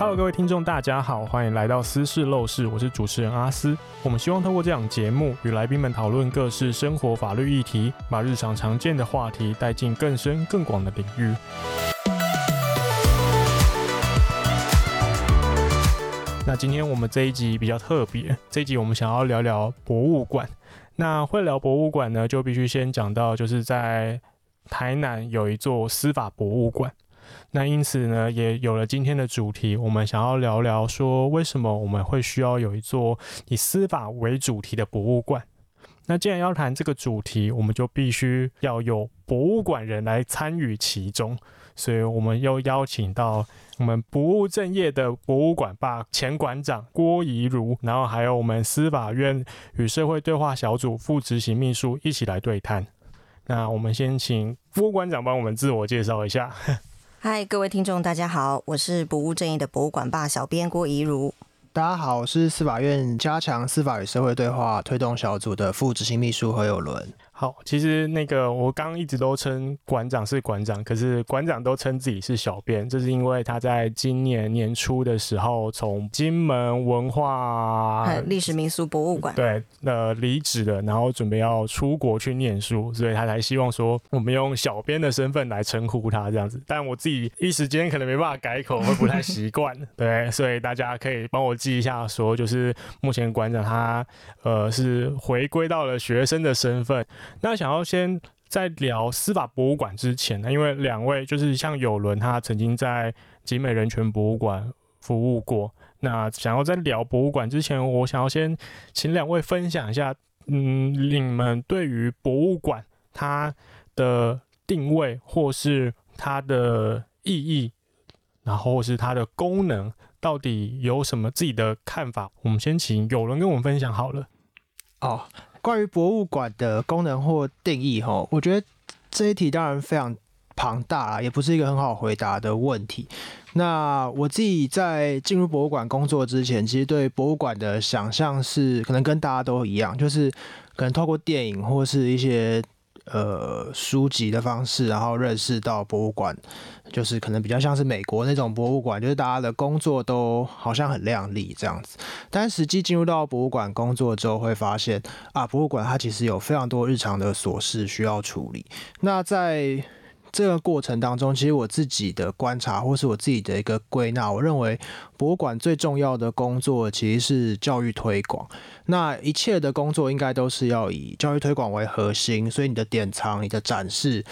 Hello，各位聽眾，大家好，歡迎來到私事陋室，我是主持人阿司。我們希望透過這檔節目與來賓們討論各式生活法律議題，把日常常見的話題帶進更深更廣的領域。 那今天我們這一集比較特別，這一集我們想要聊聊博物館。那會聊博物館呢，就必須先講到，就是在台南有一座司法博物館。那因此呢，也有了今天的主題，我們想要聊聊說，為什麼我們會需要有一座以司法為主題的博物館。那既然要談這個主題，我們就必須要有博物館人來參與其中，所以我們又邀請到我們不務正業的博物館吧前館長郭怡汝，然後還有我們司法院與社會對話小組副執行秘書一起來對談。那我們先請郭館長幫我們自我介紹一下。嗨，Hi, 各位聽眾，大家好，我是不務正業的博物館吧小編郭怡汝。大家好，我是司法院加強司法與社會對話推動小組的副執行秘書何友倫。好，其實那個我剛一直都稱館長是館長，可是館長都稱自己是小編，這是因為他在今年年初的時候從金門文化歷史民俗博物館對呃離職了，然後準備要出國去念書，所以他才希望說我們用小編的身份來稱呼他這樣子。但我自己一時間可能沒辦法改口，會不太習慣， 對，所以大家可以幫我記一下說，說就是目前館長他呃是回歸到了學生的身份。那想要先在聊司法博物館之前呢，因為兩位就是像友倫，他曾經在集美人權博物館服務過。那想要在聊博物館之前，我想要先請兩位分享一下，嗯，你們對於博物館它的定位，或是它的意義，然後是它的功能，到底有什麼自己的看法？我們先請友倫跟我們分享好了。哦。關於博物館的功能或定義，哈，我覺得這一題當然非常龐大，也不是一個很好回答的問題。那我自己在進入博物館工作之前，其實對博物館的想象是，可能跟大家都一樣，就是可能透過電影或是一些。呃，書籍的方式，然後認識到博物館，就是可能比較像是美國那種博物館，就是大家的工作都好像很亮麗這樣子。但實際進入到博物館工作之後，會發現啊，博物館它其實有非常多日常的瑣事需要處理。那在這個過程當中，其實我自己的觀察，或是我自己的一個歸納，我認為博物館最重要的工作其實是教育推廣。那一切的工作應該都是要以教育推廣為核心，所以你的典藏、你的展示，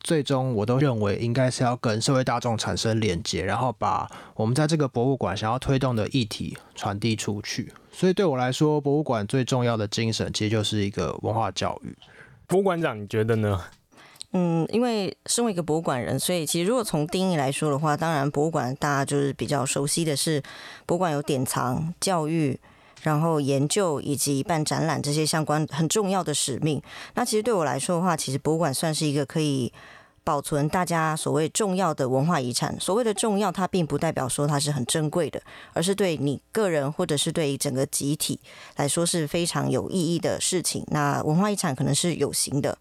最終我都認為應該是要跟社會大眾產生連接，然後把我們在這個博物館想要推動的議題傳遞出去。所以對我來說，博物館最重要的精神其實就是一個文化教育。博物館長，你覺得呢？嗯，因為身為一個博物館人，所以其實如果從定義來說的話，當然博物館大家就是比較熟悉的是，博物館有典藏、教育、然後研究、以及辦展覽這些相關很重要的使命。那其實對我來說的話，其實博物館算是一個可以保存大家所謂重要的文化遺產。所謂的重要，它並不代表說它是很珍貴的，而是對你個人或者是對整個集體來說是非常有意義的事情。那文化遺產可能是有形的。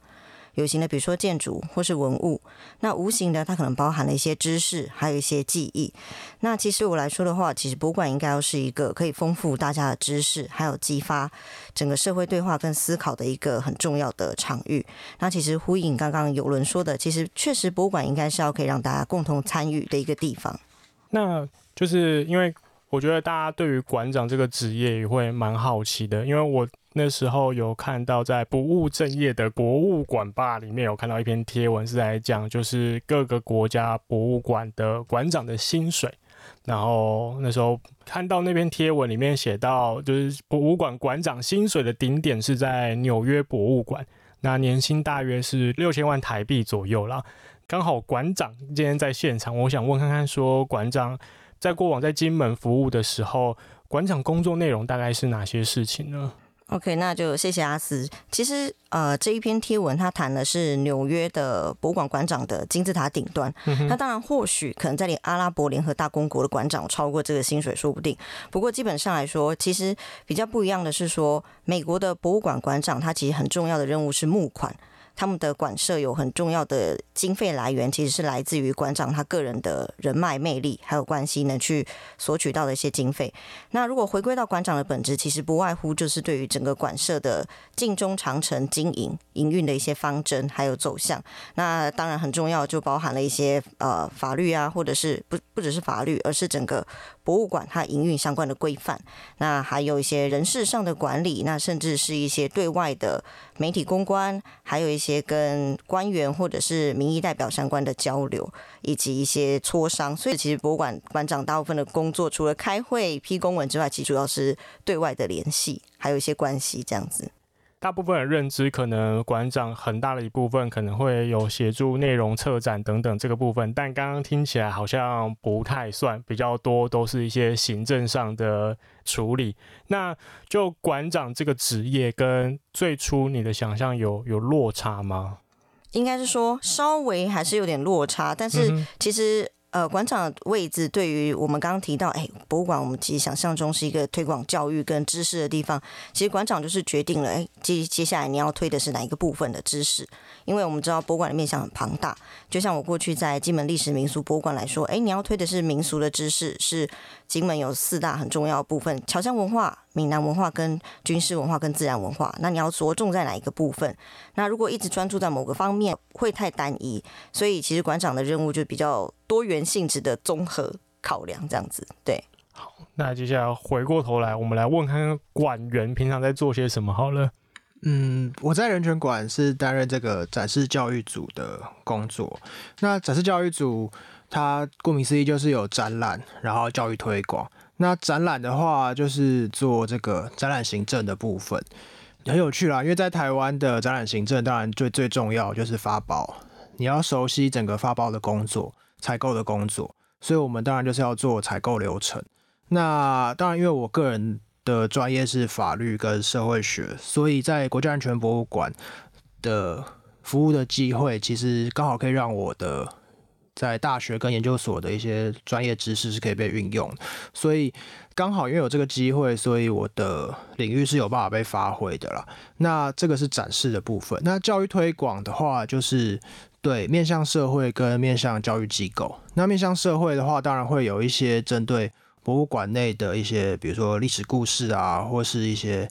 有形的，比如說建築或是文物，那無形的它可能包含了一些知識，還有一些記憶。那其實我來說的話，其實博物館應該要是一個可以豐富大家的知識，還有激發整個社會對話跟思考的一個很重要的場域。那其實呼應剛剛友倫說的，其實確實博物館應該是要可以讓大家共同參與的一個地方。那就是因為我覺得大家對於館長這個職業也會蠻好奇的，因為我。那時候有看到在不務正業的博物館吧，裡面有看到一篇貼文是在講，就是各個國家博物館的館長的薪水。然後那時候看到那篇貼文裡面寫到，就是博物館館長薪水的頂點是在紐約博物館，那年薪大約是六千萬台幣左右啦。剛好館長今天在現場，我想問看看說，館長在過往在金門服務的時候，館長工作內容大概是哪些事情呢？OK，那就謝謝阿司。其實，呃，這一篇貼文他談的是紐約的博物館館長的金字塔頂端。那當然，嗯哼，或許可能在你阿拉伯聯合大公國的館長超過這個薪水，說不定。不過，基本上來說，其實比較不一樣的是說，美國的博物館館長他其實很重要的任務是募款。他們的館舍有很重要的經費來源，其實是來自於館長他個人的人脈魅力，還有關係呢，去索取到的一些經費。那如果回歸到館長的本質，其實不外乎就是對於整個館舍的近中長程經營營運的一些方針，還有走向。那當然很重要，就包含了一些呃法律啊，或者是不不只是法律，而是整個。博物館它營運相關的規範，那還有一些人事上的管理，那甚至是一些對外的媒體公關，還有一些跟官員或者是民意代表相關的交流，以及一些磋商。所以其實博物館館長大部分的工作，除了開會，批公文之外，其實主要是對外的聯繫，還有一些關係這樣子。大部分的認知可能館長很大的一部分可能會有協助內容策展等等這個部分，但剛剛聽起來好像不太算，比較多都是一些行政上的處理。那就館長這個職業跟最初你的想象有有落差嗎？應該是說稍微還是有點落差，但是其實。嗯呃，館長的位置對於我們剛剛提到，哎、欸，博物館我們其實想象中是一個推廣教育跟知識的地方，其實館長就是決定了，哎、欸，接接下來你要推的是哪一個部分的知識，因為我們知道博物館的面向很龐大，就像我過去在金門歷史民俗博物館來說，哎、欸，你要推的是民俗的知識是。金門有四大很重要的部分：僑鄉文化、閩南文化、跟軍事文化、跟自然文化。那你要着重在哪一個部分？那如果一直專注在某個方面，會太單一。所以其實館長的任務就比較多元性質的綜合考量，這樣子。對。好，那接下來回過頭來，我們來問看看館員平常在做些什麼好了。嗯，我在人權館是擔任這個展示教育組的工作。那展示教育組。它顧名思義就是有展覽，然後教育推廣。那展覽的話，就是做這個展覽行政的部分，很有趣啦。因為在台灣的展覽行政，當然最最重要就是發包，你要熟悉整個發包的工作、採購的工作，所以我們當然就是要做採購流程。那當然，因為我個人的專業是法律跟社會學，所以在國家安全博物館的服務的機會，其實剛好可以讓我的。在大學跟研究所的一些專業知識，是可以被運用，所以剛好因為有這個機會，所以我的領域是有辦法被發揮的啦。那這個是展示的部分。那教育推廣的話，就是對面向社會跟面向教育機構。那面向社會的話，當然會有一些針對博物館內的一些，比如說歷史故事啊，或是一些。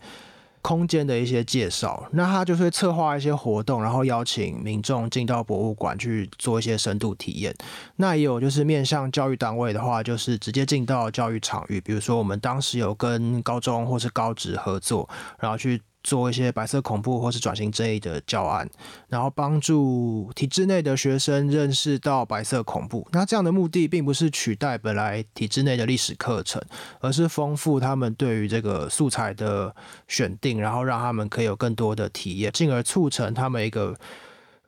空間的一些介紹，那他就會策劃一些活動，然後邀請民眾進到博物館去做一些深度體驗。那也有就是面向教育單位的話，就是直接進到教育場域，比如說我們當時有跟高中或是高職合作，然後去。做一些白色恐怖或是轉型正義的教案，然後幫助體制內的學生認識到白色恐怖。那這樣的目的並不是取代本來體制內的歷史課程，而是豐富他們對於這個素材的選定，然後讓他們可以有更多的體驗，進而促成他們一個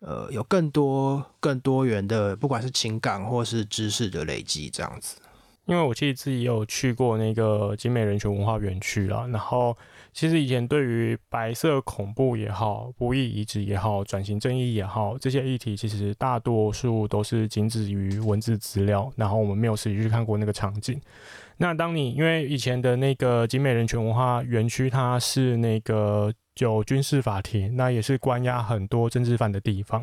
呃有更多更多元的，不管是情感或是知識的累積這樣子。因為我記得自己有去過那個景美人權文化園區啊，然後。其實以前對於白色恐怖也好、不義遺址也好、轉型正義也好，這些議題其實大多數都是僅止於文字資料，然後我們沒有實際去看過那個場景。那當你因為以前的那個景美人權文化園區，它是那個就軍事法庭，那也是關押很多政治犯的地方。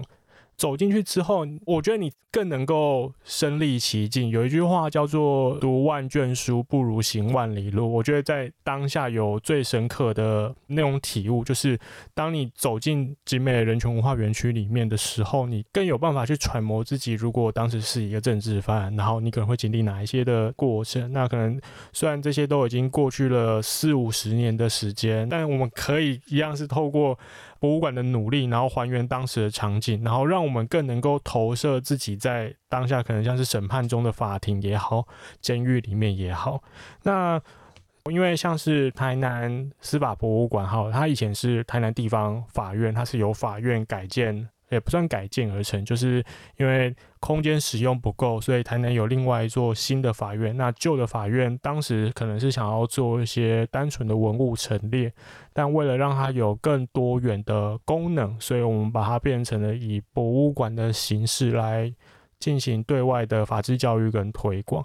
走進去之後，我覺得你更能夠身歷其境。有一句話叫做“讀萬卷書不如行萬里路”，我覺得在當下有最深刻的內容體悟，就是當你走進景美人權文化園區裡面的時候，你更有辦法去揣摩自己，如果當時是一個政治犯，然後你可能會經歷哪一些的過程。那可能雖然這些都已經過去了四五十年的時間，但我們可以一樣是透過。博物館的努力，然後還原當時的場景，然後讓我們更能夠投射自己在當下，可能像是審判中的法庭也好，監獄裡面也好。那因為像是台南司法博物館哈，它以前是台南地方法院，它是由法院改建，也、欸，不算改建而成，就是因為。空間使用不夠，所以台南有另外一座新的法院。那舊的法院當時可能是想要做一些單純的文物陳列，但為了讓它有更多元的功能，所以我們把它變成了以博物館的形式來進行對外的法治教育跟推廣。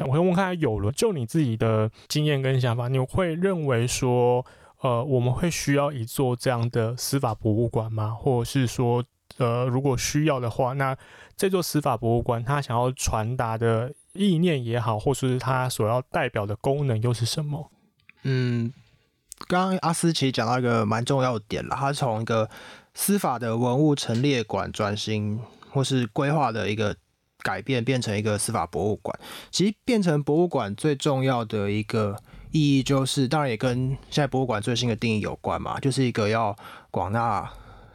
我想問看，有了就你自己的經驗跟想法，你會認為說，呃，我們會需要一座這樣的司法博物館嗎？或者是說？呃，如果需要的話，那這座司法博物館它想要傳達的意念也好，或是，是它所要代表的功能又是什麼？嗯，剛剛阿司奇講到一個蠻重要的點啦。他從一個司法的文物陳列館轉型或是規劃的一個改變，變成一個司法博物館。其實變成博物館最重要的一個意義，就是當然也跟現在博物館最新的定義有關嘛，就是一個要廣納。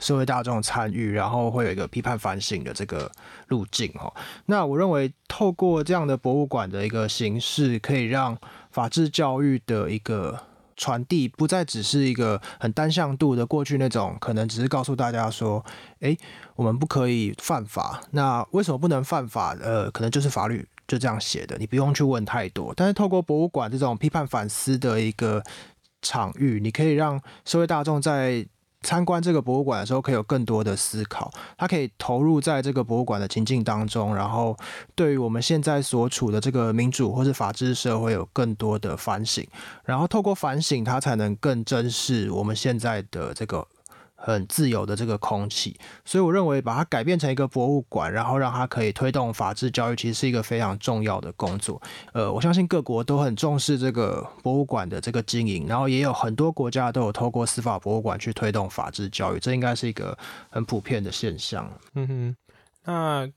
社會大眾參與，然後會有一個批判反省的這個路徑哈。那我認為，透過這樣的博物館的一個形式，可以讓法治教育的一個傳遞不再只是一個很單向度的過去那種，可能只是告訴大家說，哎，我們不可以犯法。那為什麼不能犯法？呃，可能就是法律就這樣寫的，你不用去問太多。但是透過博物館這種批判反思的一個場域，你可以讓社會大眾在參觀這個博物館的時候，可以有更多的思考。他可以投入在這個博物館的情境當中，然後對於我們現在所處的這個民主或是法治社會，有更多的反省。然後透過反省，他才能更珍視我們現在的這個很自由的這個空氣，所以我認為把它改變成一個博物館，然後讓它可以推動法治教育，其實是一個非常重要的工作。呃，我相信各國都很重視這個博物館的這個經營，然後也有很多國家都有透過司法博物館去推動法治教育，這應該是一個很普遍的現象。嗯哼，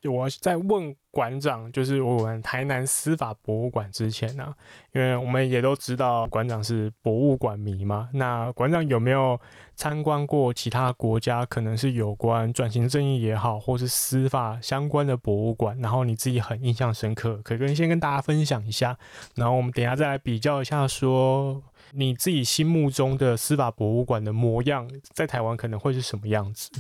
那我在問。館長，就是我們台南司法博物館之前呢、啊，因為我們也都知道館長是博物館迷嘛，那館長有沒有參觀過其他國家，可能是有關轉型正義也好，或是司法相關的博物館，然後你自己很印象深刻，可以跟先跟大家分享一下，然後我們等一下再來比較一下說，說你自己心目中的司法博物館的模樣，在台灣可能會是什麼樣子。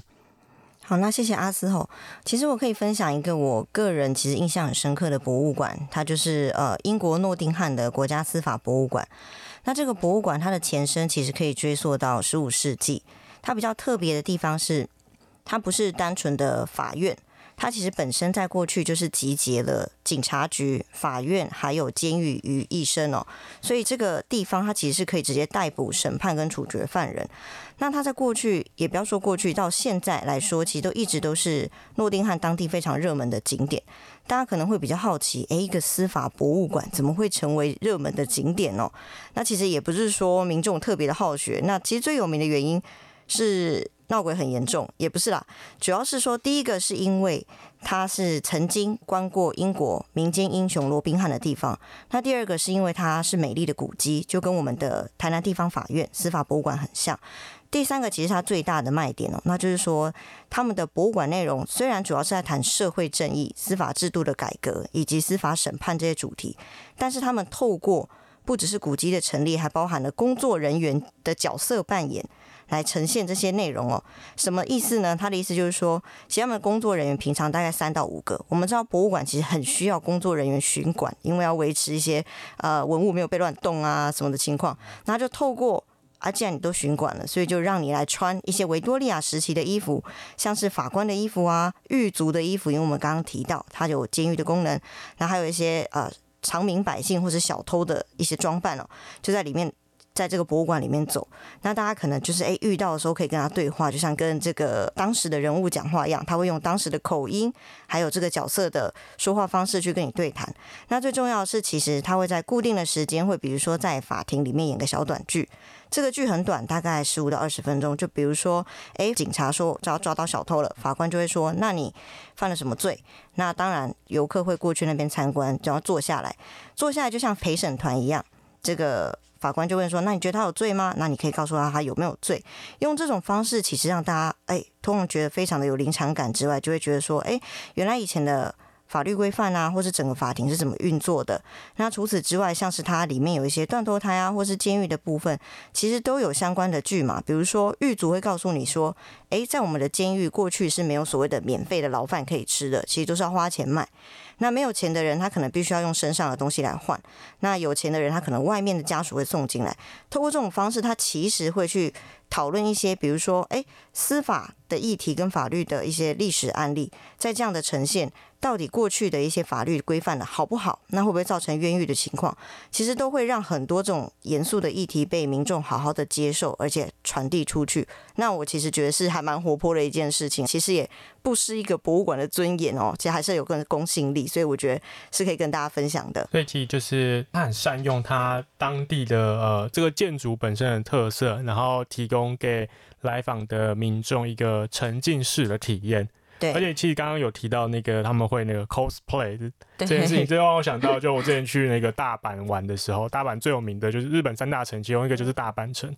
好，那謝謝阿司吼，其實我可以分享一個我個人其實印象很深刻的博物館，它就是呃英國諾丁漢的國家司法博物館。那這個博物館它的前身其實可以追溯到十五世紀。它比較特別的地方是，它不是單純的法院。他其實本身在過去就是集結了警察局、法院還有監獄於一身哦，所以這個地方他其實是可以直接逮捕、審判跟處決犯人。那他在過去也不要說過去，到現在來說，其實都一直都是諾丁漢當地非常熱門的景點。大家可能會比較好奇，誒，一個司法博物館怎麼會成為熱門的景點哦？那其實也不是說民眾特別的好學，那其實最有名的原因是。鬧鬼很嚴重，也不是啦，主要是說，第一個是因為它是曾經關過英國民間英雄羅賓漢的地方，那第二個是因為它是美麗的古蹟，就跟我們的台南地方法院司法博物館很像。第三個其實它最大的賣點哦，那就是說他們的博物館內容雖然主要是在談社會正義、司法制度的改革以及司法審判這些主題，但是他們透過不只是古蹟的成立，還包含了工作人員的角色扮演。來呈現這些內容哦，什麼意思呢？他的意思就是說，其實他們的工作人員平常大概三到五個。我們知道博物館其實很需要工作人員巡館，因為要維持一些呃文物沒有被亂動啊什麼的情況。那就透過啊，既然你都巡館了，所以就讓你來穿一些維多利亞時期的衣服，像是法官的衣服啊、獄卒的衣服，因為我們剛剛提到它有監獄的功能。那還有一些呃常民百姓或者小偷的一些裝扮哦，就在裡面。在這個博物館裡面走，那大家可能就是哎、欸、遇到的時候可以跟他對話，就像跟這個當時的人物講話一樣，他會用當時的口音，還有這個角色的說話方式去跟你對談。那最重要的是，其實他會在固定的時間，會比如說在法庭裡面演個小短劇，這個劇很短，大概十五到二十分鐘。就比如說，哎、欸，警察說只要抓到小偷了，法官就會說，那你犯了什麼罪？那當然，遊客會過去那邊參觀，只要坐下來，坐下來就像陪審團一樣，這個。法官就問說：“那你覺得他有罪嗎？那你可以告訴他他有沒有罪。”用這種方式，其實讓大家哎，突然覺得非常的有臨場感之外，就會覺得說：“哎，原來以前的法律規範啊，或是整個法庭是怎麼運作的。”那除此之外，像是它裡面有一些斷頭臺啊，或是監獄的部分，其實都有相關的劇嘛。比如說，獄卒會告訴你說：“哎，在我們的監獄，過去是沒有所謂的免費的牢飯可以吃的，其實都是要花錢買。”那沒有錢的人，他可能必須要用身上的東西來換。那有錢的人，他可能外面的家屬會送進來，透過這種方式，他其實會去討論一些，比如說，誒、欸，司法的議題跟法律的一些歷史案例，在這樣的呈現。到底過去的一些法律規範的好不好，那會不會造成冤獄的情況？其實都會讓很多這種嚴肅的議題被民眾好好的接受，而且傳遞出去。那我其實覺得是還蠻活潑的一件事情，其實也不失一個博物館的尊嚴哦、喔。其實還是有更公信力，所以我覺得是可以跟大家分享的。所以其實就是他很善用他當地的呃、這個建築本身的特色，然後提供給來訪的民眾一個沉浸式的體驗。對，而且其實剛剛有提到那個他們會那個 cosplay 這件事情，這讓我想到，就我之前去那個大阪玩的時候，大阪最有名的就是日本三大城，其中一個就是大阪城。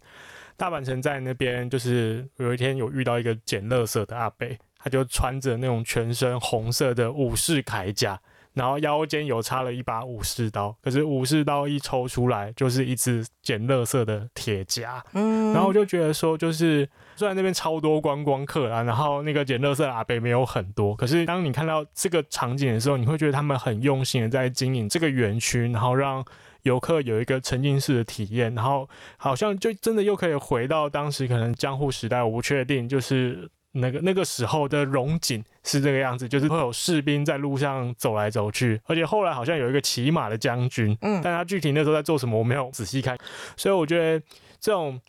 大阪城在那邊，就是有一天有遇到一個撿垃圾的阿伯，他就穿着那種全身紅色的武士鎧甲。然後腰間有插了一把武士刀，可是武士刀一抽出來就是一支撿垃圾的鐵夾。嗯，然後我就覺得說，就是雖然那邊超多觀光客啊，然後那個撿垃圾的阿伯沒有很多，可是當你看到這個場景的時候，你會覺得他們很用心的在經營這個園區，然後讓遊客有一個沉浸式的體驗，然後好像就真的又可以回到當時可能江戶時代，我不確定就是。那個那個時候的榮景是這個樣子，就是會有士兵在路上走來走去，而且後來好像有一個騎馬的將軍，嗯，但他具體那時候在做什麼我沒有仔細看，所以我覺得這種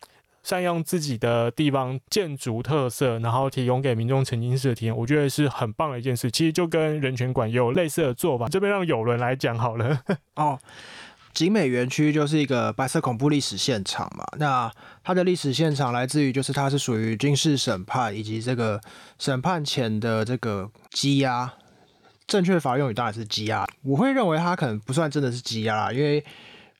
善用自己的地方建築特色，然後提供給民眾沉浸式的體驗，我覺得是很棒的一件事。其實就跟人權館有類似的做法，這邊讓友倫來講好了 哦。景美園區就是一個白色恐怖歷史現場嘛，那它的歷史現場來自於就是它是屬於軍事審判以及這個審判前的這個羈押，正確法用語當然是羈押。我會認為它可能不算真的是羈押啦，因為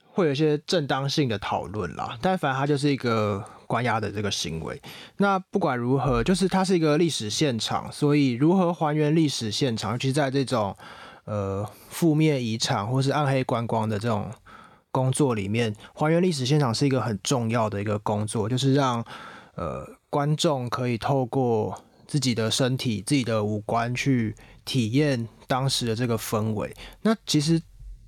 會有一些正當性的討論啦，但反正它就是一個關押的這個行為。那不管如何，就是它是一個歷史現場，所以如何還原歷史現場，尤其在這種呃負面遺產或是暗黑觀光的這種。工作裡面還原歷史現場是一個很重要的一個工作，就是讓呃觀眾可以透過自己的身體、自己的五官去體驗當時的這個氛圍。那其實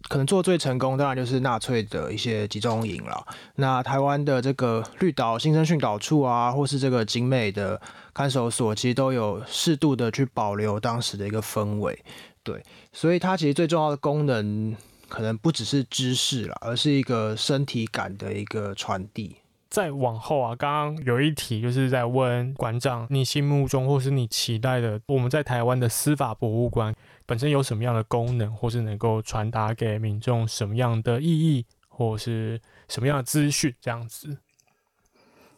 可能做最成功，當然就是納粹的一些集中營了。那台灣的這個綠島新生訓導處啊，或是這個精美的看守所，其實都有適度的去保留當時的一個氛圍。對，所以它其實最重要的功能。可能不只是知識啦，而是一個身體感的一個傳遞。再往後啊，剛剛有一題就是在問館長，你心目中或是你期待的，我們在台灣的司法博物館本身有什麼樣的功能，或是能夠傳達給民眾什麼樣的意義，或是什麼樣的資訊這樣子？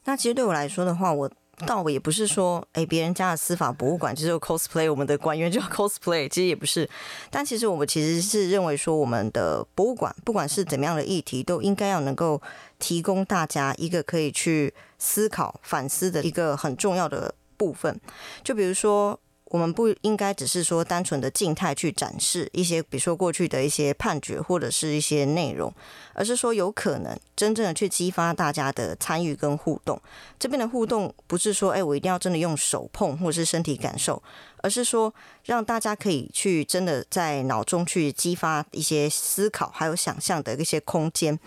那其實對我來說的話，我。倒我也不是說，哎、欸，別人家的司法博物館就是 cosplay 我們的官員就 cosplay，其實也不是。但其實我們其實是認為說，我們的博物館不管是怎麼樣的議題，都應該要能夠提供大家一個可以去思考、反思的一個很重要的部分。就比如說。我們不應該只是說單純的靜態去展示一些，比如說過去的一些判決或者是一些內容，而是說有可能真正的去激發大家的參與跟互動。這邊的互動不是說，哎，我一定要真的用手碰或者是身體感受。而是說，讓大家可以去真的在腦中去激發一些思考，還有想象的一些空間。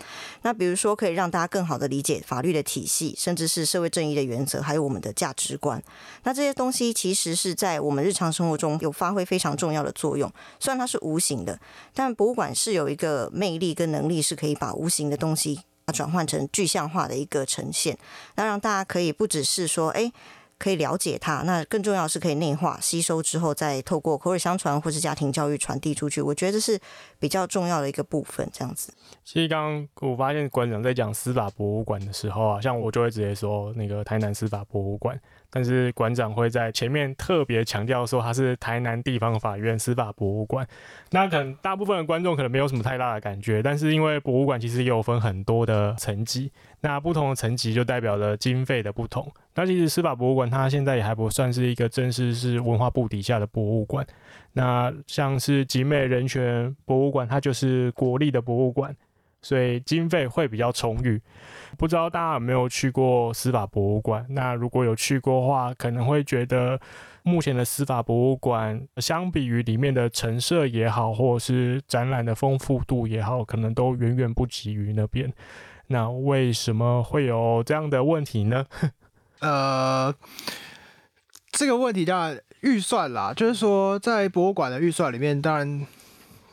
那比如說，可以讓大家更好地理解法律的體系，甚至是社會正義的原則，還有我們的價值觀。那這些東西其實是在我們日常生活中有發揮非常重要的作用。雖然它是無形的，但博物館是有一個魅力跟能力，是可以把無形的東西啊轉換成具象化的一個呈現，那讓大家可以不只是說，欸。可以了解它，那更重要是可以內化、吸收之後，再透過口耳相傳或是家庭教育傳遞出去。我覺得這是比較重要的一個部分。這樣子，其實剛剛我發現館長在講司法博物館的時候啊，像我就會直接說那個台南司法博物館。但是館長會在前面特別強調說，他是台南地方法院司法博物館。那可能大部分的觀眾可能沒有什麼太大的感覺，但是因為博物館其實也有分很多的層級，那不同的層級就代表了經費的不同。那其實司法博物館它現在也還不算是一個正式是文化部底下的博物館。那像是景美人權博物館，它就是國立的博物館。所以經費會比較充裕。不知道大家有沒有去過司法博物館？那如果有去過的話，可能會覺得目前的司法博物館，相比於裡面的陳設也好，或者是展覽的豐富度也好，可能都遠遠不及於那邊。那為什麼會有這樣的問題呢？ 呃，這個問題當然預算啦，就是說在博物館的預算裡面，當然。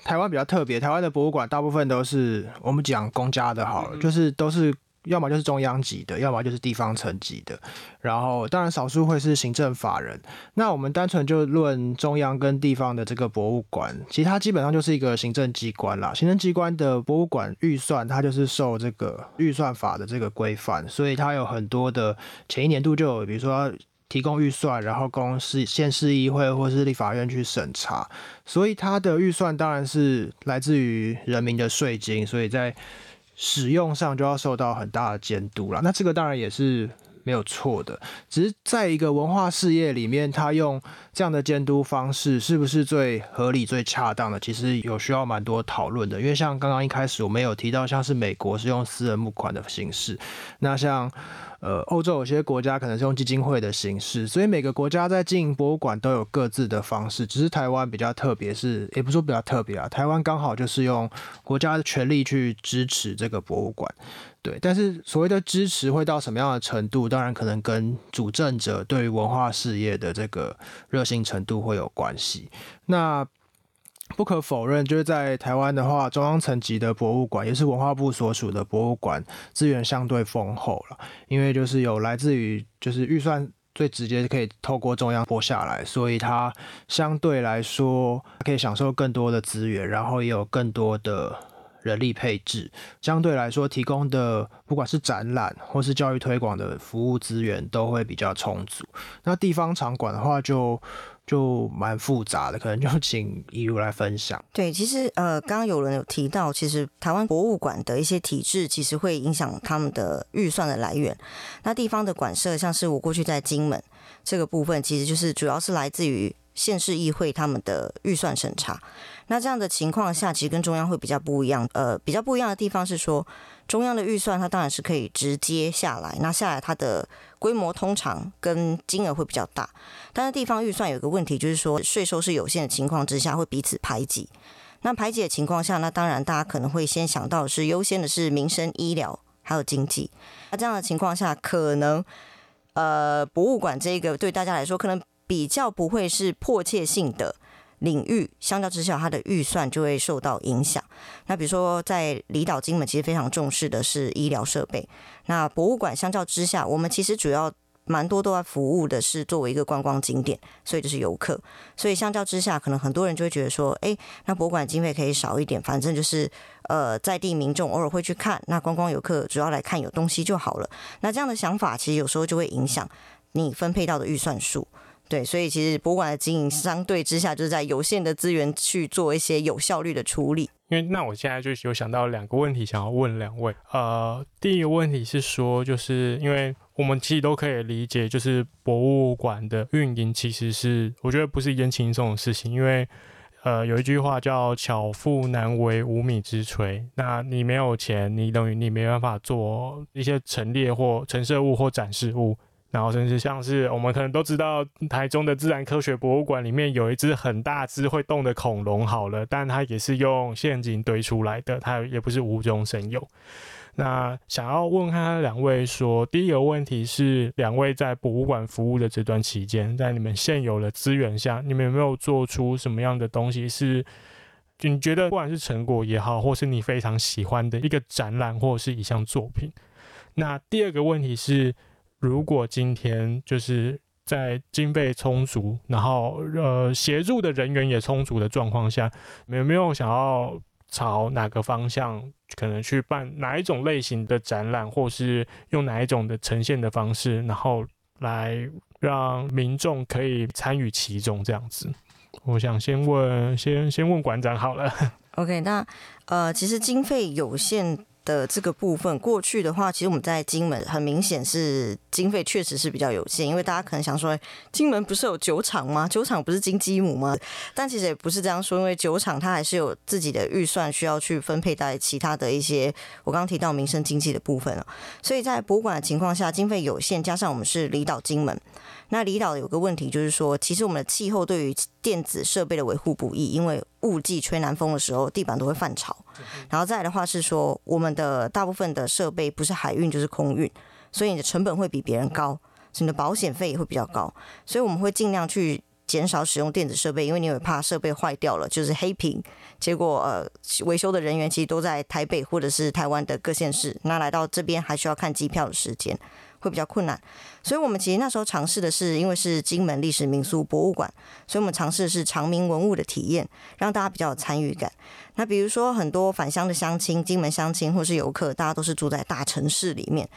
台灣比較特別，台灣的博物館大部分都是我們講公家的，好了，就是都是要麼就是中央級的，要麼就是地方層級的。然後當然少數會是行政法人。那我們單純就論中央跟地方的這個博物館，其實它基本上就是一個行政機關啦。行政機關的博物館預算，它就是受這個預算法的這個規範，所以它有很多的前一年度就有，比如說。提供預算，然後供市、縣市議會或是立法院去審查，所以它的預算當然是來自於人民的稅金，所以在使用上就要受到很大的監督了。那這個當然也是。沒有錯的，只是在一個文化事業裡面，他用這樣的監督方式是不是最合理，最恰當的？其實有需要蠻多討論的。因為像剛剛一開始我們有提到，像是美國是用私人募款的形式，那像呃歐洲有些國家可能是用基金會的形式，所以每個國家在經營博物館都有各自的方式。只是台灣比較特別是，是、欸、也不說比較特別啊，台灣剛好就是用國家的權力去支持這個博物館。對，但是所謂的支持會到什麼樣的程度，當然可能跟主政者對於文化事業的這個熱心程度會有關係。那不可否認，就是在台灣的話，中央層級的博物館也是文化部所屬的博物館，資源相對豐厚了，因為就是有來自於就是預算最直接可以透過中央撥下來，所以它相對來說可以享受更多的資源，然後也有更多的。人力配置相對來說，提供的不管是展覽或是教育推廣的服務資源都會比較充足。那地方場館的話就，就就蠻複雜的，可能就請怡汝來分享。對，其實呃，剛剛有人有提到，其實台灣博物館的一些體制其實會影響他們的預算的來源。那地方的館舍像是我過去在金門這個部分，其實就是主要是來自於。縣市議會他們的預算審查，那這樣的情況下，其實跟中央會比較不一樣。呃，比較不一樣的地方是說，中央的預算它當然是可以直接下來，那下來它的規模通常跟金額會比較大。但是地方預算有一個問題，就是說稅收是有限的情況之下，會彼此排擠。那排擠的情況下，那當然大家可能會先想到的是優先的是民生、醫療還有經濟。那這樣的情況下，可能呃博物館這個對大家來說可能，比較不會是迫切性的領域，相較之下，它的預算就會受到影響。那比如說，在離島金門，其實非常重視的是醫療設備。那博物館相較之下，我們其實主要蠻多都在服務的是作為一個觀光景點，所以就是遊客。所以相較之下，可能很多人就會覺得說，哎、欸，那博物館經費可以少一點，反正就是呃在地民眾偶爾會去看，那觀光遊客主要來看有東西就好了。那這樣的想法其實有時候就會影響你分配到的預算數。對，所以其實博物館的經營相對之下，就是在有限的資源去做一些有效率的處理。因為那我現在就有想到兩個問題，想要問兩位。呃，第一個問題是說，就是因為我們其實都可以理解，就是博物館的運營其實是我覺得不是一件輕鬆的事情，因為呃有一句話叫“巧婦難為無米之炊”，那你沒有錢，你等於你沒辦法做一些陳列或陳設物或展示物。然後甚至像是我們可能都知道，台中的自然科學博物館裡面有一隻很大只會動的恐龍。好了，但它也是用現金堆出來的，它也不是無中生有。那想要問看看兩位說，第一個問題是，兩位在博物館服務的這段期間，在你們現有的資源下，你們有沒有做出什麼樣的東西是？你覺得不管是成果也好，或是你非常喜歡的一個展覽或是一項作品。那第二個問題是，如果今天就是在經費充足，然後呃協助的人員也充足的狀況下，有沒有想要朝哪個方向，可能去辦哪一種類型的展覽，或是用哪一種的呈現的方式，然後來讓民眾可以參與其中這樣子？我想先問，先先問館長好了。OK，那呃，其實經費有限。的這個部分，過去的話，其實我們在金門很明顯是經費確實是比較有限，因為大家可能想說，金門不是有酒廠嗎？酒廠不是金雞母嗎？但其實也不是這樣說，因為酒廠它還是有自己的預算需要去分配在其他的一些我剛剛提到民生經濟的部分啊，所以在博物館的情況下，經費有限，加上我們是離島金門。那離島有個問題，就是說，其實我們的氣候對於電子設備的維護不易，因為霧季吹南風的時候，地板都會泛潮。然後再來的話是說，我們的大部分的設備不是海運就是空運，所以你的成本會比別人高，所以你的保險費也會比較高。所以我們會盡量去減少使用電子設備，因為你也怕設備壞掉了，就是黑屏。結果呃，維修的人員其實都在台北或者是台灣的各縣市，那來到這邊還需要看機票的時間。會比較困難，所以我們其實那時候嘗試的是，因為是金門歷史民俗博物館，所以我們嘗試的是常民文物的體驗，讓大家比較有參與感。那比如說很多返鄉的鄉親、金門鄉親或是遊客，大家都是住在大城市裡面，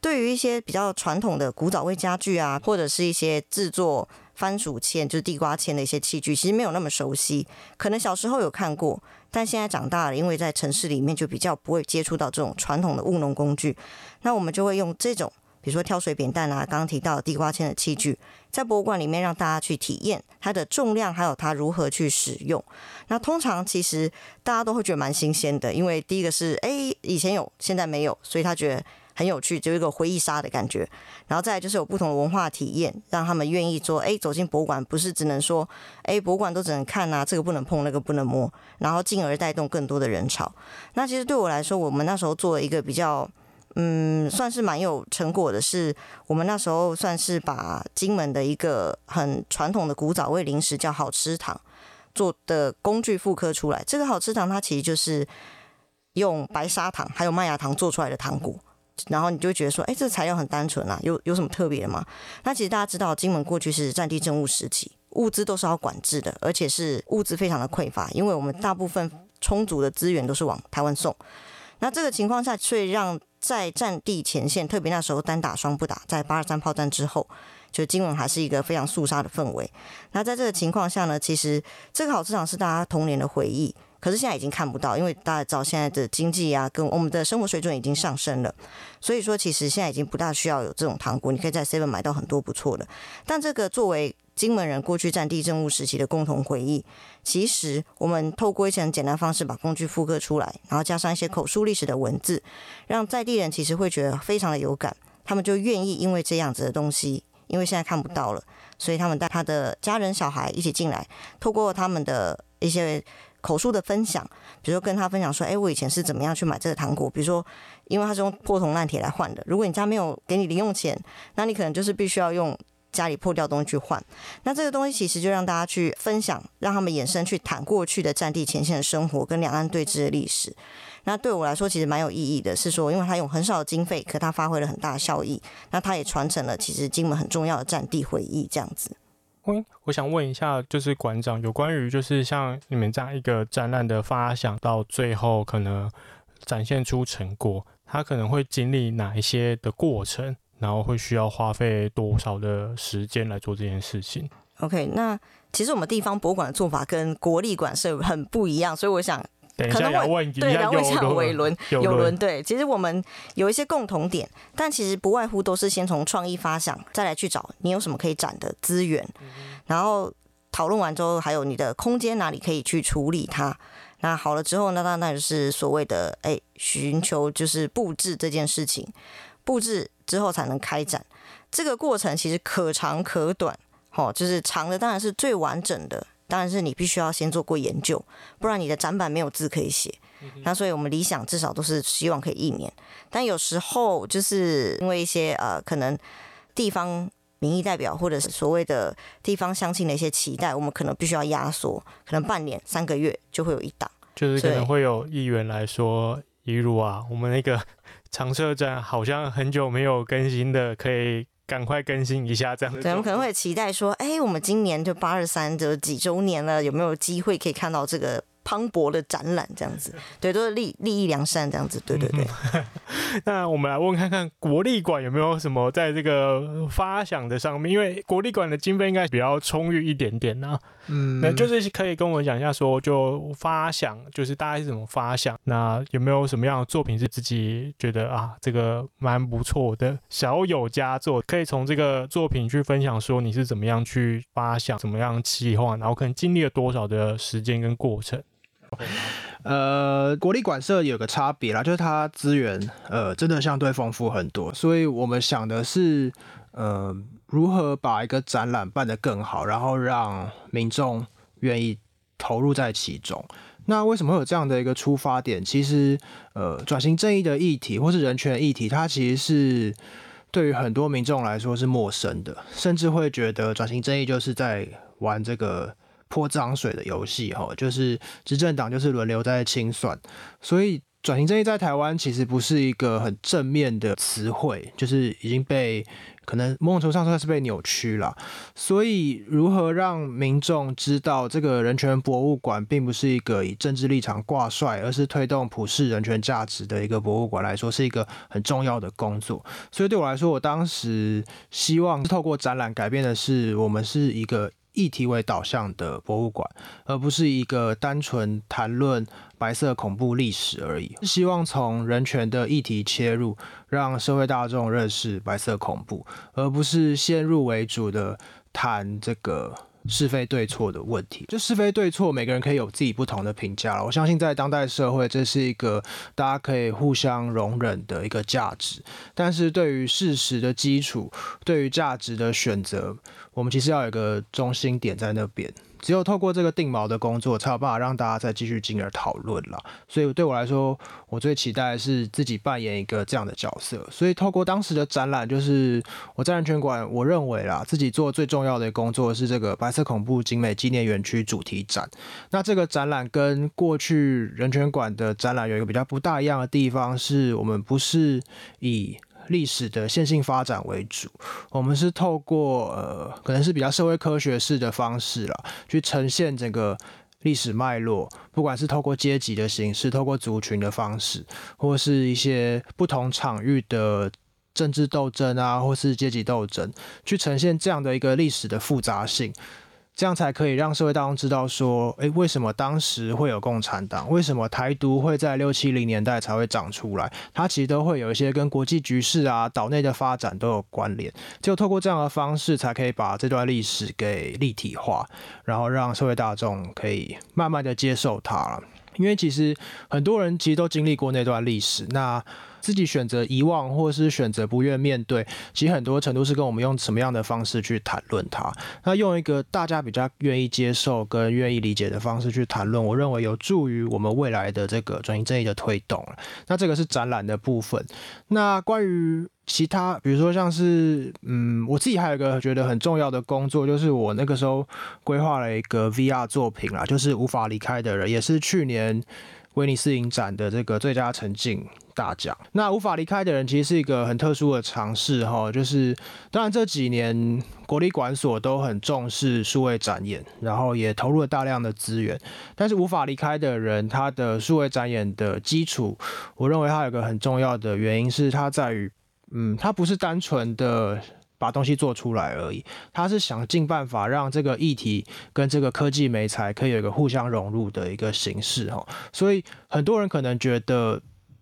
對於一些比較傳統的古早味家具啊，或者是一些制作番薯籤（就是地瓜籤）的一些器具，其實沒有那麼熟悉。可能小時候有看過，但現在長大了，因為在城市裡面就比較不會接觸到這種傳統的務農工具。那我們就會用這種。比如說挑水扁擔啊，剛剛提到的地瓜簽的器具，在博物館裡面讓大家去體驗它的重量，還有它如何去使用。那通常其實大家都會覺得蠻新鮮的，因為第一個是哎以前有，現在沒有，所以他覺得很有趣，就有一個回憶殺的感覺。然後再就是有不同的文化體驗，讓他們願意說哎走進博物館不是只能說哎博物館都只能看啊，這個不能碰，那個不能摸，然後進而帶動更多的人潮。那其實對我來說，我們那時候做了一個比較。嗯，算是蠻有成果的，是我們那時候算是把金門的一個很傳統的古早味零食叫好吃糖做的工具複刻出來。這個好吃糖它其實就是用白砂糖還有麥芽糖做出來的糖果，然後你就覺得說，欸，這個材料很單純啊，有有什麼特別的嗎？那其實大家知道，金門過去是戰地政務時期，物資都是要管制的，而且是物資非常的匱乏，因為我們大部分充足的資源都是往台灣送。那這個情況下，卻讓在戰地前線，特別那時候單打雙不打，在八二三炮戰之後，就今晚還是一個非常肅殺的氛圍。那在這個情況下呢，其實這個好市場是大家童年的回憶，可是現在已經看不到，因為大家知道現在的經濟啊，跟我們的生活水準已經上升了，所以說其實現在已經不大需要有這種糖果，你可以在 Seven 買到很多不錯的。但這個作為金門人過去戰地政務時期的共同回憶，其實我們透過一些很簡單方式把工具複刻出來，然後加上一些口述歷史的文字，讓在地人其實會覺得非常的有感，他們就願意因為這樣子的東西，因為現在看不到了，所以他們帶他的家人小孩一起進來，透過他們的一些口述的分享，比如說跟他分享說，哎、欸，我以前是怎麼樣去買這個糖果，比如說，因為他是用破銅爛鐵來換的，如果你家沒有給你零用錢，那你可能就是必須要用。家裡破掉東西去換，那這個東西其實就讓大家去分享，讓他們衍生去談過去的戰地前線的生活跟兩岸對峙的歷史。那對我來說，其實蠻有意義的，是說，因為它用很少的經費，可它發揮了很大的效益。那它也傳承了其實金門很重要的戰地回憶，這樣子。嗯，我想問一下，就是館長有關於就是像你們這樣一個展覽的發想到最後可能展現出成果，它可能會經歷哪一些的過程？然後會需要花費多少的時間來做這件事情？OK，那其實我們地方博物館的做法跟國立館是很不一樣，所以我想可能會對，然後像尾輪有輪有論，對，其實我們有一些共同點，但其實不外乎都是先從創意發想，再來去找你有什麼可以展的資源，嗯嗯，然後討論完之後，還有你的空間哪裡可以去處理它。那好了之後呢，那那那就是所謂的哎，尋求就是佈置這件事情，佈置。之後才能開展，這個過程其實可長可短，齁，就是長的當然是最完整的，當然是你必須要先做過研究，不然你的展板，沒有字可以寫。那所以我們理想至少都是希望可以一年，但有時候就是因為一些呃可能地方民意代表或者是所謂的地方鄉親的一些期待，我們可能必須要壓縮，可能半年三個月就會有一檔，就是可能會有議員來說，例如啊，我們那個。常設展好像很久沒有更新的，可以趕快更新一下這樣子。對，我們可能會期待說，哎、欸，我們今年就八二三的幾週年了，有沒有機會可以看到這個？磅礴的展覽這樣子，對，都是利利益良善這樣子，對對對，對、嗯呵呵。那我們來問看看國立館有沒有什麼在這個發想的上面，因為國立館的經費應該比較充裕一點點呢、啊。嗯，那就是可以跟我講一下說，說就發想，就是大家是怎麼發想。那有沒有什麼樣的作品是自己覺得啊這個蠻不錯的小有佳作？可以從這個作品去分享說你是怎麼樣去發想，怎麼樣企劃，然後可能經歷了多少的時間跟過程。呃，國立館舍有個差別啦，就是它資源呃真的相對豐富很多，所以我們想的是，呃，如何把一個展覽辦得更好，然後讓民眾願意投入在其中。那為什麼會有這樣的一個出發點？其實，呃，轉型正義的議題或是人權議題，它其實是對於很多民眾來說是陌生的，甚至會覺得轉型正義就是在玩這個。潑髒水的遊戲，哈，就是執政黨就是輪流在清算，所以轉型正義在台灣其實不是一個很正面的詞彙，就是已經被可能某種程度上算是被扭曲了。所以如何讓民眾知道這個人權博物館並不是一個以政治立場掛帥，而是推動普世人權價值的一個博物館來說，是一個很重要的工作。所以對我來說，我當時希望透過展覽改變的是，我們是一個，議題為導向的博物館，而不是一個單純談論白色恐怖歷史而已。是希望從人權的議題切入，讓社會大眾認識白色恐怖，而不是先入為主的談這個是非對錯的問題。就是非對錯，每個人可以有自己不同的評價了。我相信在當代社會，這是一個大家可以互相容忍的一個價值。但是對於事實的基礎，對於價值的選擇。我們其實要有一個中心點在那邊，只有透過這個定錨的工作，才有辦法讓大家再繼續進而討論了。所以對我來說，我最期待的是自己扮演一個這樣的角色。所以透過當時的展覽，就是我在人權館，我認為啦，自己做最重要的工作是這個白色恐怖景美紀念園區主題展。那這個展覽跟過去人權館的展覽有一個比較不大一樣的地方，是我們不是以歷史的線性發展為主，我們是透過呃，可能是比較社會科學式的方式啦，去呈現整個歷史脈絡。不管是透過階級的形式，透過族群的方式，或是一些不同場域的政治鬥爭啊，或是階級鬥爭，去呈現這樣的一個歷史的複雜性。這樣才可以讓社會大眾知道，說，誒、欸，為什麼當時會有共產黨？為什麼台獨會在六七零年代才會長出來？它其實都會有一些跟國際局勢啊、島內的發展都有關聯。只有透過這樣的方式，才可以把這段歷史給立體化，然後讓社會大眾可以慢慢的接受它。因為其實很多人其實都經歷過那段歷史。那自己選擇遺忘，或是選擇不願面對，其實很多程度是跟我們用什麼樣的方式去談論它。那用一個大家比較願意接受跟願意理解的方式去談論，我認為有助於我們未來的這個轉型正義的推動。那這個是展覽的部分。那關於其他，比如說像是，嗯，我自己還有一個覺得很重要的工作，就是我那個時候規劃了一個 VR 作品啦，就是無法離開的人，也是去年。威尼斯影展的這個最佳沉浸大獎。那無法離開的人其實是一個很特殊的嘗試，哈，就是當然這幾年國立館所都很重視數位展演，然後也投入了大量的資源。但是無法離開的人，他的數位展演的基礎，我認為它有一個很重要的原因是它在於，嗯，它不是單純的。把東西做出來而已，他是想盡辦法讓這個議題跟這個科技媒材可以有一個互相融入的一個形式哈，所以很多人可能覺得，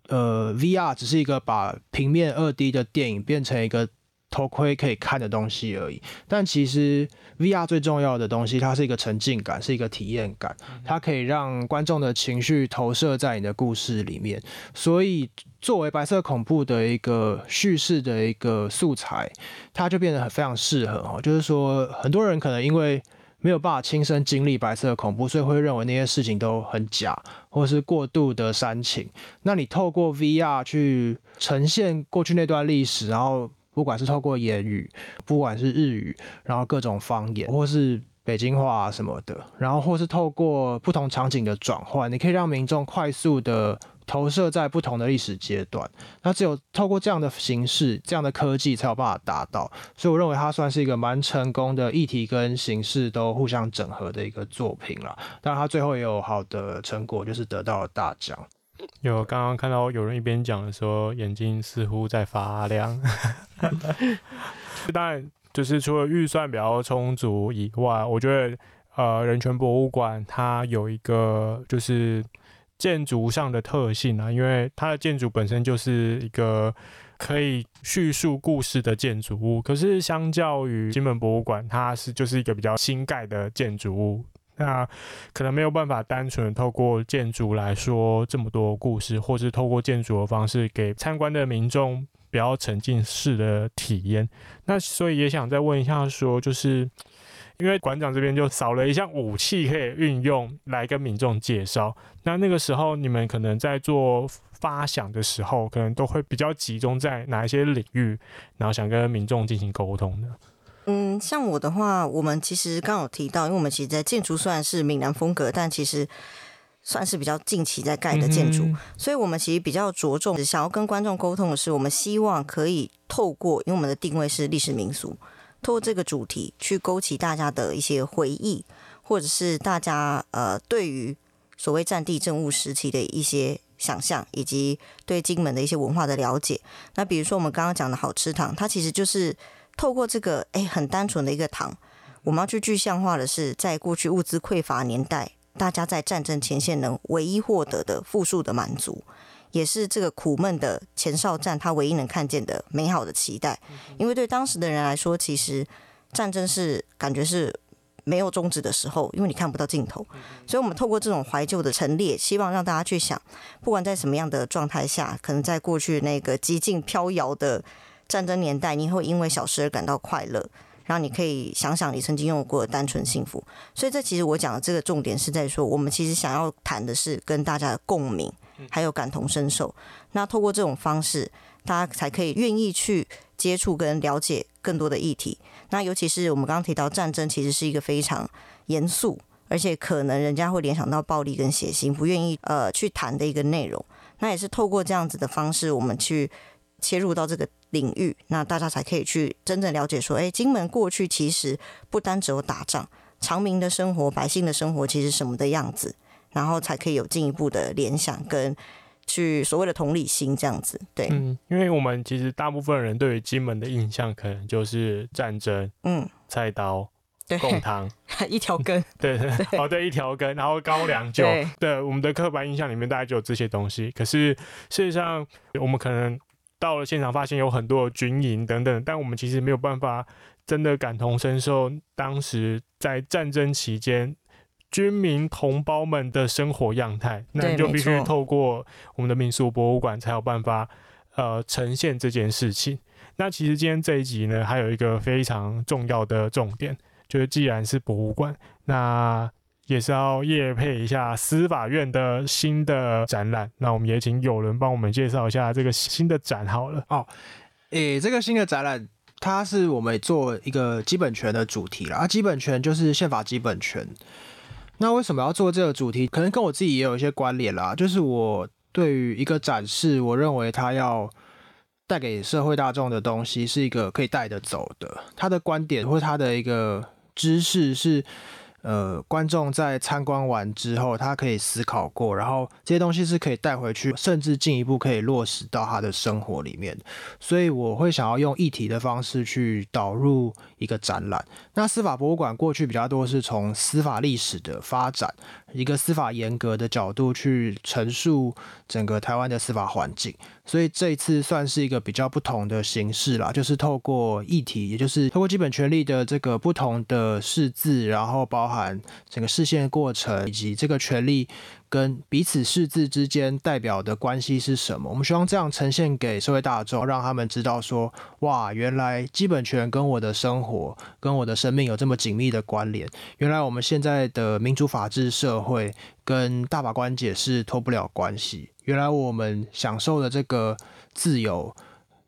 呃，VR 只是一個把平面二 D 的電影變成一個。頭盔可以看的東西而已，但其實 VR 最重要的東西，它是一個沉浸感，是一個體驗感，它可以讓觀眾的情緒投射在你的故事裡面。所以，作為白色恐怖的一個敘事的一個素材，它就變得很非常適合哦。就是說，很多人可能因為沒有辦法親身經歷白色恐怖，所以會認為那些事情都很假，或是過度的煽情。那你透過 VR 去呈現過去那段歷史，然後。不管是透過言語，不管是日語，然後各種方言，或是北京話啊什麼的，然後或是透過不同場景的轉換，你可以讓民眾快速的投射在不同的歷史階段。那只有透過這樣的形式，這樣的科技才有辦法達到。所以我認為它算是一個蠻成功的議題跟形式都互相整合的一個作品了。當然，它最後也有好的成果，就是得到了大獎。有剛剛看到有人一邊講的時候，眼睛似乎在發亮。當然，就是除了預算比較充足以外，我覺得呃，人權博物館它有一個就是建築上的特性啊，因為它的建築本身就是一個可以敘述故事的建築物。可是相較於金門博物館，它是就是一個比較新蓋的建築物。那可能沒有辦法單純透過建築來說這麼多故事，或是透過建築的方式給參觀的民眾比較沉浸式的體驗。那所以也想再問一下說，說就是因為館長這邊就少了一項武器可以運用來跟民眾介紹。那那個時候你們可能在做發想的時候，可能都會比較集中在哪一些領域，然後想跟民眾進行溝通的。嗯，像我的話，我們其實剛剛有提到，因為我們其實，在建築雖然是閩南風格，但其實算是比較近期在蓋的建築，嗯、哼所以我們其實比較着重想要跟觀眾溝通的是，我們希望可以透過，因為我們的定位是歷史民俗，透過這個主題去勾起大家的一些回憶，或者是大家呃對於所謂戰地政務時期的一些想象，以及對金門的一些文化的了解。那比如說我們剛剛講的好吃糖，它其實就是。透過這個誒、欸，很單純的一個糖，我們要去具象化的是，在過去物資匱乏年代，大家在戰爭前線能唯一獲得的富庶的滿足，也是這個苦悶的前哨站他唯一能看見的美好的期待。因為對當時的人來說，其實戰爭是感覺是沒有終止的時候，因為你看不到盡頭。所以我們透過這種懷舊的陳列，希望讓大家去想，不管在什麼樣的狀態下，可能在過去那個極盡飄搖的。戰爭年代，你會因為小事而感到快樂，然後你可以想想你曾經擁有過的單純幸福。所以，這其實我講的這個重點是在說，我們其實想要談的是跟大家的共鳴，還有感同身受。那透過這種方式，大家才可以願意去接觸跟了解更多的議題。那尤其是我們剛剛提到戰爭，其實是一個非常嚴肅，而且可能人家會聯想到暴力跟血腥，不願意呃去談的一個內容。那也是透過這樣子的方式，我們去。切入到這個領域，那大家才可以去真正了解說，哎、欸，金門過去其實不單只有打仗，常民的生活、百姓的生活其實什麼的樣子，然後才可以有進一步的聯想跟去所謂的同理心這樣子。對，嗯，因為我們其實大部分人對於金門的印象，可能就是戰爭，嗯，菜刀，對，貢糖，一條根，對對，哦對，一條根，然後高粱酒，對，對，我們的刻板印象裡面大概就有這些東西。可是事實上，我們可能。到了現場，發現有很多軍營等等，但我們其實沒有辦法真的感同身受當時在戰爭期間軍民同胞們的生活樣態。那你就必須透過我們的民俗博物館才有辦法呃呈現這件事情。那其實今天這一集呢，還有一個非常重要的重點，就是既然是博物館，那。也是要業配一下司法院的新的展覽，那我們也請友倫幫我們介紹一下這個新的展好了哦。誒、欸，這個新的展覽，它是我們做一個基本權的主題啦。啊。基本權就是憲法基本權。那為什麼要做這個主題？可能跟我自己也有一些關聯啦，就是我對於一個展示，我認為它要帶給社會大眾的東西，是一個可以帶得走的。他的觀點或他的一個知識是。呃，觀眾在參觀完之後，他可以思考過，然後這些東西是可以帶回去，甚至進一步可以落實到他的生活裡面。所以，我會想要用議題的方式去導入一個展覽。那司法博物館過去比較多是從司法歷史的發展，一個司法嚴格的角度去陳述整個台灣的司法環境，所以這一次算是一個比較不同的形式啦，就是透過議題，也就是透過基本權利的這個不同的釋字，然後包含整個釋憲過程以及這個權利，跟彼此釋字之間代表的關係是什麼？我們希望這樣呈現給社會大眾，讓他們知道說：哇，原來基本權跟我的生活、跟我的生命有這麼緊密的關聯。原來我們現在的民主法治社會跟大法官解釋脫不了關係。原來我們享受的這個自由，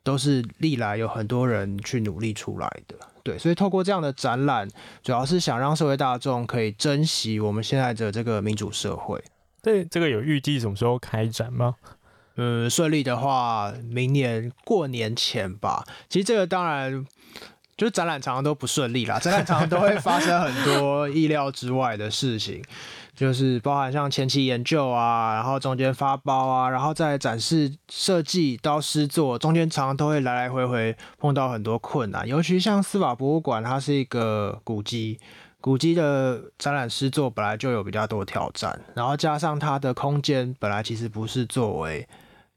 都是歷來有很多人去努力出來的。對，所以透過這樣的展覽，主要是想讓社會大眾可以珍惜我們現在的這個民主社會。對，這個有預計什麼時候開展嗎？嗯，順利的話，明年過年前吧。其實這個當然，就是展覽常常都不順利啦，展覽常常都會發生很多意料之外的事情， 就是包含像前期研究啊，然後中間發包啊，然後在展示設計、到施作，中間常常都會來來回回碰到很多困難，尤其像司法博物館，它是一個古蹟。古蹟的展覽施作本來就有比較多挑戰，然後加上它的空間本來其實不是作為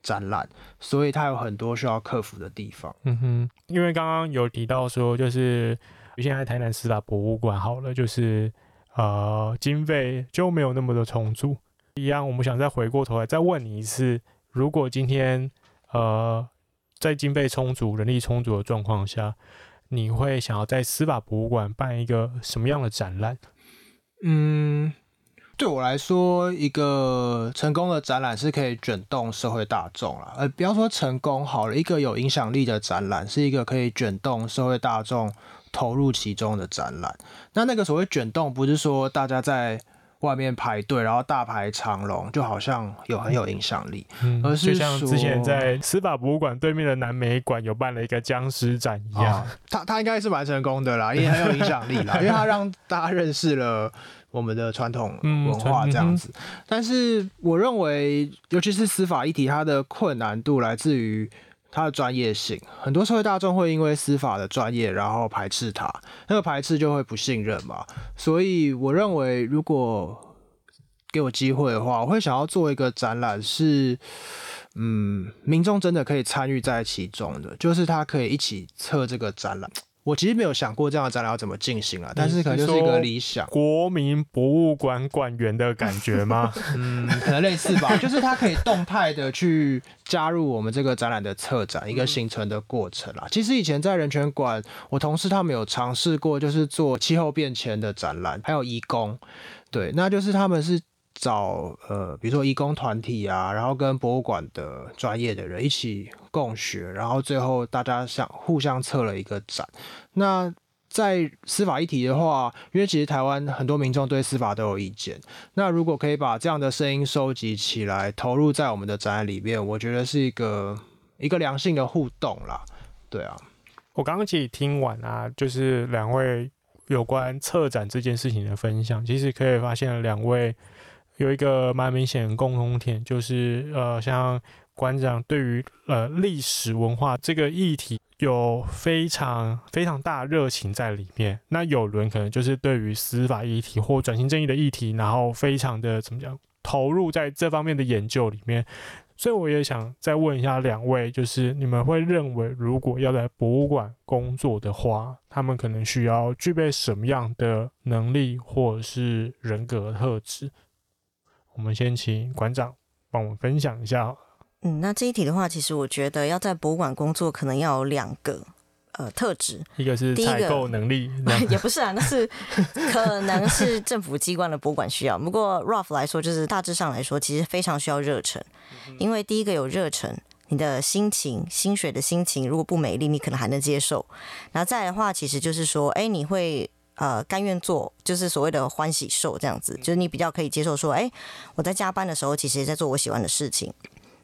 展覽，所以它有很多需要克服的地方。嗯哼，因為剛剛有提到說，就是現在台南市立博物館好了，就是呃經費就沒有那麼的充足。一樣，我們想再回過頭來再問你一次：如果今天呃在經費充足、人力充足的狀況下，你會想要在司法博物館辦一個什麼樣的展覽？嗯，對我來說，一個成功的展覽是可以捲動社會大眾啦。呃，不要說成功好了，一個有影響力的展覽是一個可以捲動社會大眾投入其中的展覽。那那個所謂捲動，不是說大家在外面排隊，然後大排長龍，就好像有很有影響力，嗯、而是就像之前在司法博物館對面的南美館有辦了一個僵屍展一樣，啊、他他應該是蠻成功的啦，因為很有影響力啦， 因為他讓大家認識了我們的傳統文化這樣子。嗯嗯、但是我認為，尤其是司法議題，它的困難度來自於。他的專業性，很多社會大眾會因為司法的專業，然後排斥他，那個排斥就會不信任嘛。所以我認為，如果給我機會的話，我會想要做一個展覽，是嗯，民眾真的可以參與在其中的，就是他可以一起策這個展覽。我其實沒有想過這樣的展覽要怎麼進行啊，但是可能就是一個理想。嗯、國民博物館館員的感覺嗎？ 嗯，可能類似吧， 就是他可以動態的去加入我們這個展覽的策展一個形成的過程啦、啊。其實以前在人權館，我同事他們有嘗試過，就是做氣候變遷的展覽，還有移工，對，那就是他們是。找呃、比如說義工團體啊，然後跟博物館的專業的人一起共學，然後最後大家想互相策了一個展。那在司法議題的話，因為其實台灣很多民眾對司法都有意見，那如果可以把這樣的聲音收集起來，投入在我們的展覽裡面，我覺得是一個一個良性的互動啦。對啊，我剛剛其實聽完啊，就是兩位有關策展這件事情的分享，其實可以發現兩位。有一個蠻明顯的共同點，就是呃，像館長對於呃歷史文化這個議題有非常非常大的熱情在裡面。那友倫可能就是對於司法議題或轉型正義的議題，然後非常的怎麼講，投入在這方面的研究裡面。所以我也想再問一下兩位，就是你們會認為，如果要在博物館工作的話，他們可能需要具備什麼樣的能力或者是人格特質？我們先請館長幫我們分享一下。嗯，那這一題的話，其實我覺得要在博物館工作，可能要有兩個呃特質，一個是採購能力，樣也不是啊，那是 可能是政府機關的博物館需要。不過 rough 來說，就是大致上來說，其實非常需要熱忱，嗯、哼因為第一個有熱忱，你的心情、薪水的心情如果不美麗，你可能還能接受。然後再來的話，其實就是說，哎、欸，你會。呃，甘願做就是所謂的歡喜受這樣子，就是你比較可以接受說，哎、欸，我在加班的時候，其實也在做我喜歡的事情。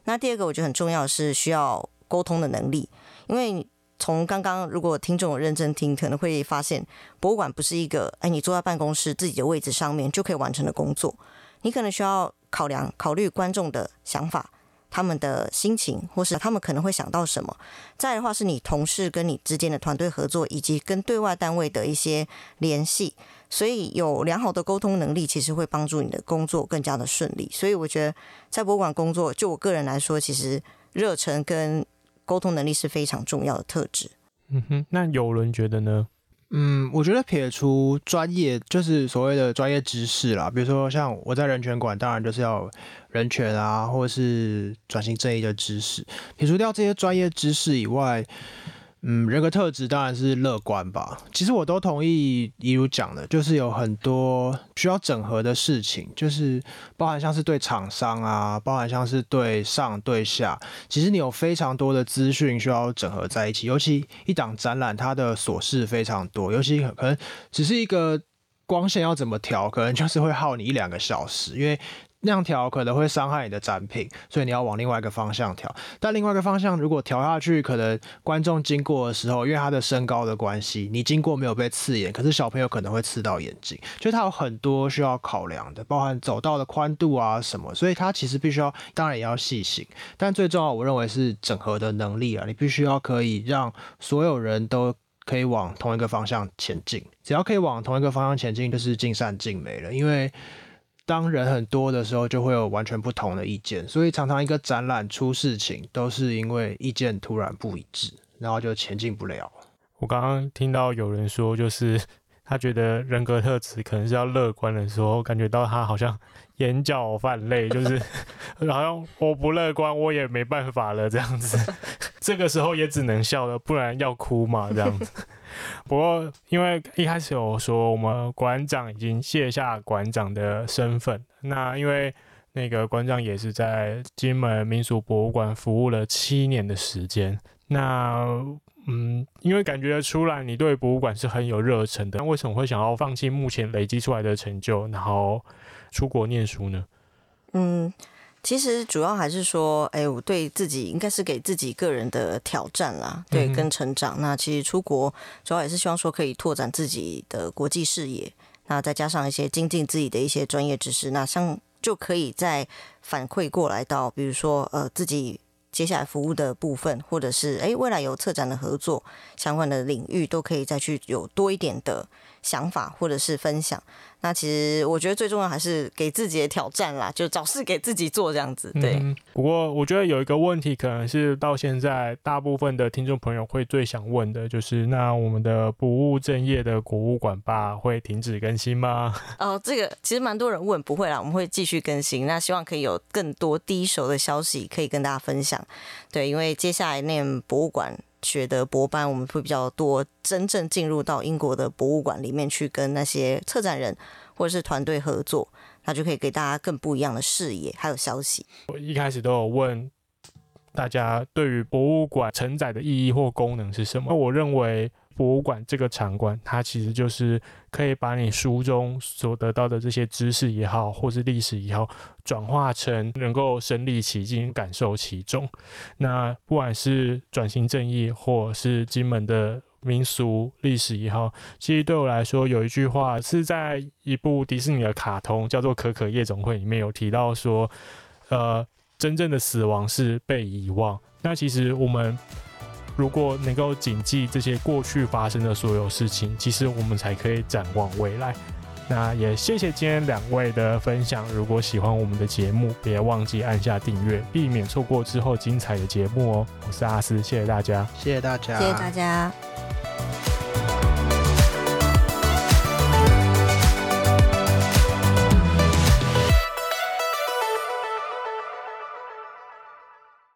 那第二個我覺得很重要的是需要溝通的能力，因為從剛剛如果聽眾有認真聽，可能會發現博物館不是一個哎、欸、你坐在辦公室自己的位置上面就可以完成的工作，你可能需要考量考慮觀眾的想法。他們的心情，或是他們可能會想到什麼。再來的話，是你同事跟你之間的團隊合作，以及跟對外單位的一些聯繫。所以，有良好的溝通能力，其實會幫助你的工作更加的順利。所以，我覺得在博物館工作，就我個人來說，其實熱忱跟溝通能力是非常重要的特質。嗯哼，那友倫覺得呢？嗯，我覺得撇除專業，就是所謂的專業知識啦。比如說，像我在人權館，當然就是要人權啊，或者是轉型正義的知識。撇除掉這些專業知識以外。嗯嗯，人格特質當然是樂觀吧。其實我都同意怡汝講的，就是有很多需要整合的事情，就是包含像是對廠商啊，包含像是對上對下，其實你有非常多的資訊需要整合在一起。尤其一檔展覽，它的瑣事非常多，尤其可能只是一個光線要怎麼調，可能就是會耗你一兩個小時，因為。那樣調可能會傷害你的展品，所以你要往另外一個方向調。但另外一個方向如果調下去，可能觀眾經過的時候，因為他的身高的關係，你經過沒有被刺眼，可是小朋友可能會刺到眼睛。所以他有很多需要考量的，包含走道的寬度啊什麼。所以他其實必須要，當然也要細心。但最重要，我認為是整合的能力啊，你必須要可以讓所有人都可以往同一個方向前進。只要可以往同一個方向前進，就是盡善盡美了，因為。當人很多的時候，就會有完全不同的意見，所以常常一個展覽出事情，都是因為意見突然不一致，然後就前進不了。我剛剛聽到有人說，就是他覺得人格特質可能是要樂觀的時候，感覺到他好像眼角泛淚，就是好像我不樂觀，我也沒辦法了這樣子，這個時候也只能笑了，不然要哭嘛這樣子。不過，因為一開始有說我們館長已經卸下館長的身份，那因為那個館長也是在金門民俗博物館服務了七年的時間，那嗯，因為感覺得出來你對博物館是很有熱忱的，那為什麼會想要放棄目前累積出來的成就，然後出國念書呢？嗯。其實主要還是說，哎、欸，我對自己應該是給自己個人的挑戰啦，對，跟成長。嗯、那其實出國主要也是希望說可以拓展自己的國際視野，那再加上一些精進自己的一些專業知識，那像就可以再反饋過來到，比如說呃自己接下來服務的部分，或者是誒、欸，未來有策展的合作相關的領域，都可以再去有多一點的。想法或者是分享，那其實我覺得最重要還是給自己的挑戰啦，就找事給自己做這樣子。對。嗯，不過我覺得有一個問題，可能是到現在大部分的聽眾朋友會最想問的，就是那我們的不務正業的博物館吧，會停止更新嗎？哦，這個其實蠻多人問，不會啦，我們會繼續更新。那希望可以有更多第一手的消息可以跟大家分享。對，因為接下來那博物館。學的博班我們會比較多，真正進入到英國的博物館裡面去跟那些策展人或者是團隊合作，那就可以給大家更不一樣的視野還有消息。我一開始都有問大家對於博物館承載的意義或功能是什麼，那我認為。博物館這個場館，它其實就是可以把你書中所得到的這些知識也好，或是歷史也好，轉化成能夠身歷其境感受其中。那不管是轉型正義，或是金門的民俗歷史也好，其實對我來說，有一句話是在一部迪士尼的卡通叫做《可可夜總會》裡面有提到說，呃，真正的死亡是被遺忘。那其實我們。如果能夠謹記這些過去發生的所有事情，其實我們才可以展望未來。那也謝謝今天兩位的分享。如果喜歡我們的節目，別忘記按下訂閱，避免錯過之後精彩的節目哦。我是阿司，謝謝大家，謝謝大家，謝謝大家。